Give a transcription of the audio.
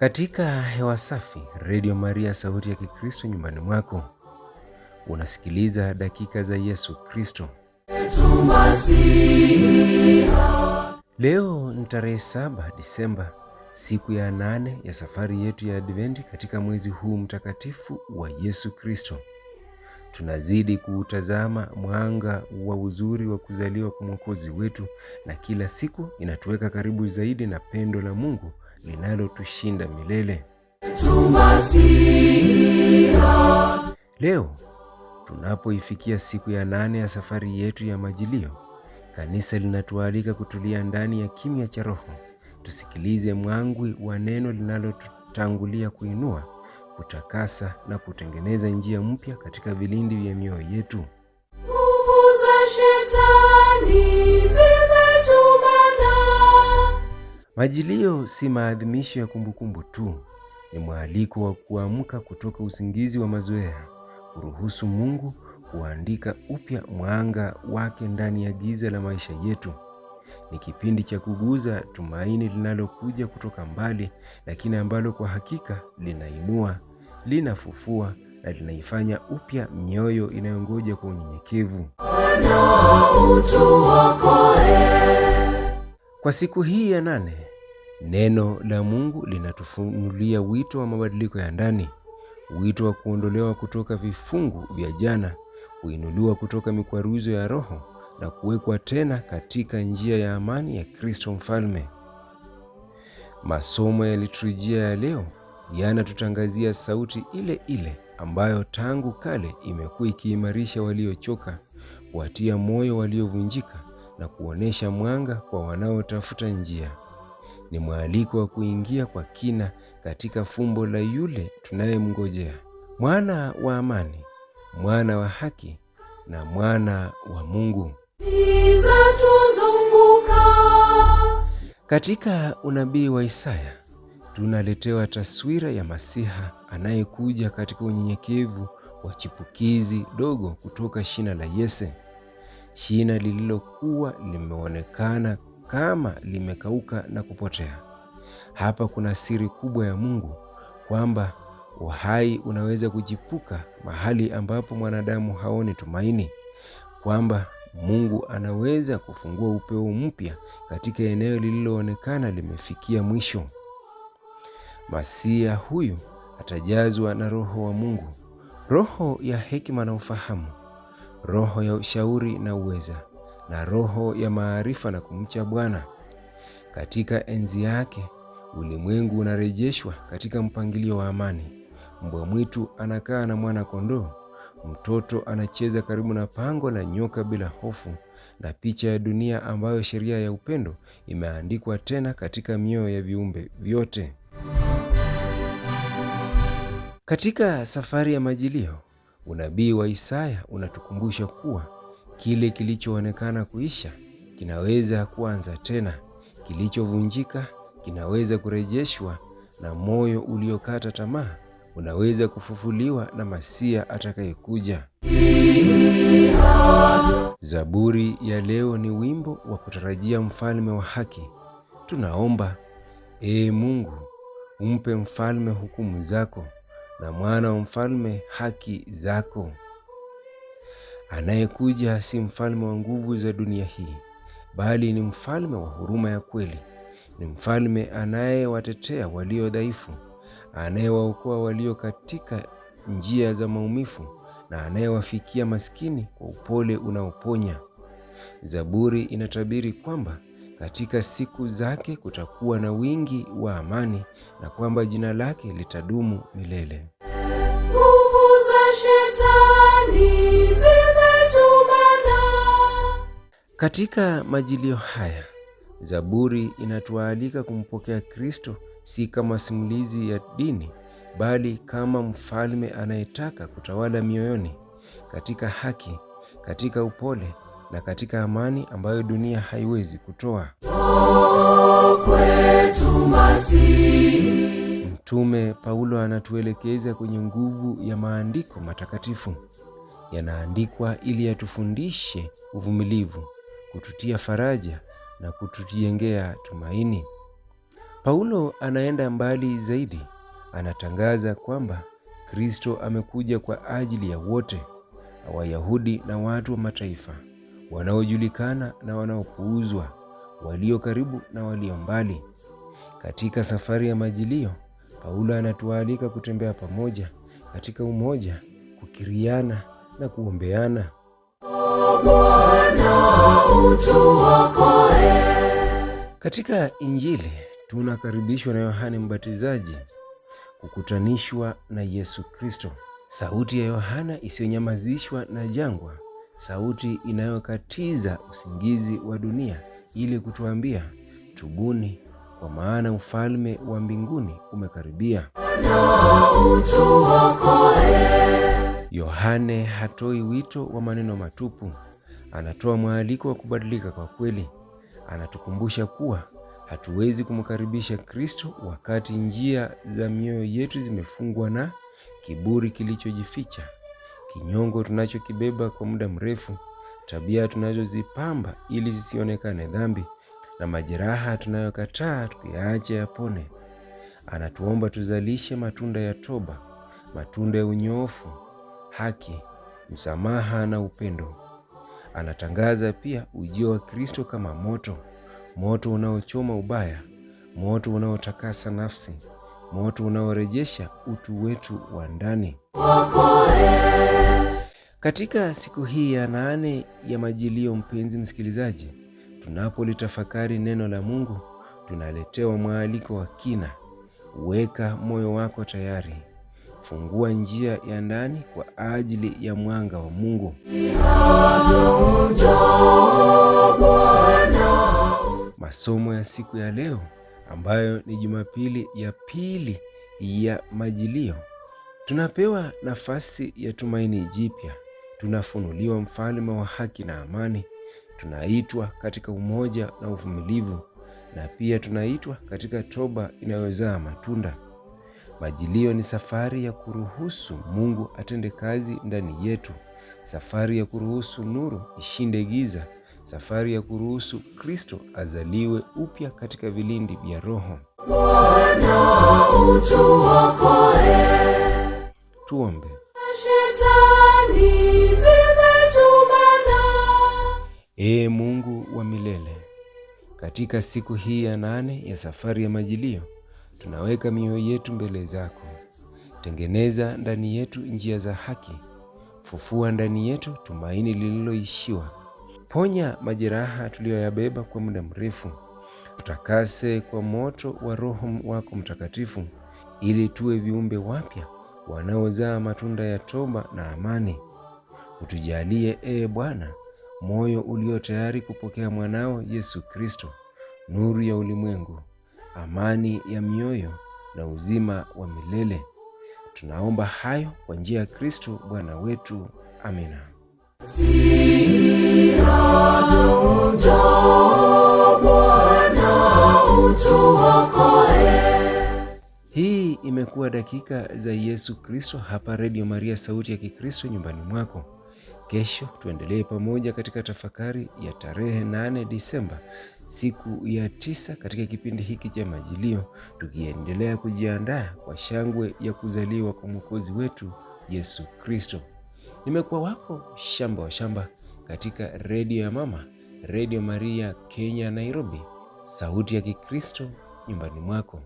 Katika hewa safi, Redio Maria, sauti ya Kikristo nyumbani mwako, unasikiliza dakika za Yesu Kristo. Leo ni tarehe 7 Disemba, siku ya nane ya safari yetu ya Adventi katika mwezi huu mtakatifu wa Yesu Kristo. Tunazidi kuutazama mwanga wa uzuri wa kuzaliwa kwa Mwokozi wetu, na kila siku inatuweka karibu zaidi na pendo la Mungu linalotushinda milele. Leo tunapoifikia siku ya nane ya safari yetu ya Majilio, kanisa linatualika kutulia ndani ya kimya cha Roho, tusikilize mwangwi wa neno linalotutangulia kuinua, kutakasa na kutengeneza njia mpya katika vilindi vya mioyo yetu. Nguvu za Shetani. Majilio si maadhimisho ya kumbukumbu tu, ni mwaliko wa kuamka kutoka usingizi wa mazoea, kuruhusu Mungu kuandika upya mwanga wake ndani ya giza la maisha yetu. Ni kipindi cha kuguza tumaini linalokuja kutoka mbali, lakini ambalo kwa hakika linainua, linafufua na linaifanya upya mioyo inayongoja kwa unyenyekevu. Kwa siku hii ya nane Neno la Mungu linatufunulia wito wa mabadiliko ya ndani, wito wa kuondolewa kutoka vifungu vya jana, kuinuliwa kutoka mikwaruzo ya roho na kuwekwa tena katika njia ya amani ya Kristo Mfalme. Masomo ya liturujia ya leo yanatutangazia sauti ile ile ambayo tangu kale imekuwa ikiimarisha waliochoka, kuwatia moyo waliovunjika na kuonesha mwanga kwa wanaotafuta njia ni mwaliko wa kuingia kwa kina katika fumbo la yule tunayemngojea, mwana wa amani, mwana wa haki na mwana wa Mungu. Katika unabii wa Isaya tunaletewa taswira ya Masiha anayekuja katika unyenyekevu wa chipukizi dogo kutoka shina la Yese, shina lililokuwa limeonekana kama limekauka na kupotea. Hapa kuna siri kubwa ya Mungu kwamba uhai unaweza kujipuka mahali ambapo mwanadamu haoni tumaini, kwamba Mungu anaweza kufungua upeo mpya katika eneo lililoonekana limefikia mwisho. Masia huyu atajazwa na Roho wa Mungu, roho ya hekima na ufahamu, roho ya ushauri na uweza, na roho ya maarifa na kumcha Bwana. Katika enzi yake ulimwengu unarejeshwa katika mpangilio wa amani. Mbwa mwitu anakaa na mwana-kondoo, mtoto anacheza karibu na pango la nyoka bila hofu, na picha ya dunia ambayo sheria ya upendo imeandikwa tena katika mioyo ya viumbe vyote. Katika safari ya majilio, unabii wa Isaya unatukumbusha kuwa Kile kilichoonekana kuisha kinaweza kuanza tena, kilichovunjika kinaweza kurejeshwa, na moyo uliokata tamaa unaweza kufufuliwa na Masia atakayekuja. Zaburi ya leo ni wimbo wa kutarajia mfalme wa haki. Tunaomba, Ee Mungu, umpe mfalme hukumu zako na mwana wa mfalme haki zako. Anayekuja si mfalme wa nguvu za dunia hii, bali ni mfalme wa huruma ya kweli. Ni mfalme anayewatetea walio dhaifu, anayewaokoa walio katika njia za maumivu, na anayewafikia maskini kwa upole unaoponya. Zaburi inatabiri kwamba katika siku zake kutakuwa na wingi wa amani na kwamba jina lake litadumu milele. Nguvu za shetani katika majilio haya, Zaburi inatualika kumpokea Kristo si kama simulizi ya dini, bali kama mfalme anayetaka kutawala mioyoni katika haki, katika upole na katika amani ambayo dunia haiwezi kutoa. Mtume Paulo anatuelekeza kwenye nguvu ya maandiko matakatifu. Yanaandikwa ili yatufundishe uvumilivu kututia faraja na kutujengea tumaini. Paulo anaenda mbali zaidi, anatangaza kwamba Kristo amekuja kwa ajili ya wote, Wayahudi na watu wa mataifa, wanaojulikana na wanaopuuzwa, walio karibu na walio mbali. Katika safari ya Majilio, Paulo anatualika kutembea pamoja katika umoja, kukiriana na kuombeana. Bwana utuokoe. Katika Injili tunakaribishwa na Yohane Mbatizaji kukutanishwa na Yesu Kristo. Sauti ya Yohana isiyonyamazishwa na jangwa, sauti inayokatiza usingizi wa dunia ili kutuambia tubuni, kwa maana ufalme wa mbinguni umekaribia. Yohane hatoi wito wa maneno matupu anatoa mwaliko wa kubadilika kwa kweli. Anatukumbusha kuwa hatuwezi kumkaribisha Kristo wakati njia za mioyo yetu zimefungwa na kiburi kilichojificha, kinyongo tunachokibeba kwa muda mrefu, tabia tunazozipamba ili zisionekane dhambi, na majeraha tunayokataa tukiyaacha yapone. Anatuomba tuzalishe matunda ya toba, matunda ya unyoofu, haki, msamaha na upendo. Anatangaza pia ujio wa Kristo kama moto, moto unaochoma ubaya, moto unaotakasa nafsi, moto unaorejesha utu wetu wa ndani. Katika siku hii ya nane ya Majilio, mpenzi msikilizaji, tunapolitafakari neno la Mungu tunaletewa mwaliko wa kina: weka moyo wako tayari kufungua njia ya ndani kwa ajili ya mwanga wa Mungu. Masomo ya siku ya leo ambayo ni Jumapili ya pili ya Majilio, tunapewa nafasi ya tumaini jipya, tunafunuliwa mfalme wa haki na amani, tunaitwa katika umoja na uvumilivu, na pia tunaitwa katika toba inayozaa matunda. Majilio ni safari ya kuruhusu Mungu atende kazi ndani yetu, safari ya kuruhusu nuru ishinde giza, safari ya kuruhusu Kristo azaliwe upya katika vilindi vya Roho. Bwana utuokoe. Tuombe. Shetani zimetumana. Ee Mungu wa milele, katika siku hii ya nane ya safari ya majilio tunaweka mioyo yetu mbele zako. Tengeneza ndani yetu njia za haki, fufua ndani yetu tumaini lililoishiwa. Ponya majeraha tuliyoyabeba kwa muda mrefu, tutakase kwa moto wa Roho wako Mtakatifu, ili tuwe viumbe wapya wanaozaa matunda ya toba na amani. Utujalie ee Bwana moyo ulio tayari kupokea mwanao Yesu Kristo, nuru ya ulimwengu amani ya mioyo na uzima wa milele. Tunaomba hayo kwa njia ya Kristo Bwana wetu. Amina. Hii imekuwa dakika za Yesu Kristo hapa redio Maria, sauti ya Kikristo nyumbani mwako. Kesho tuendelee pamoja katika tafakari ya tarehe 8 Disemba siku ya tisa katika kipindi hiki cha Majilio, tukiendelea kujiandaa kwa shangwe ya kuzaliwa kwa mwokozi wetu Yesu Kristo. Nimekuwa wako Shamba wa Shamba katika redio ya mama, Redio Maria Kenya Nairobi, sauti ya Kikristo nyumbani mwako.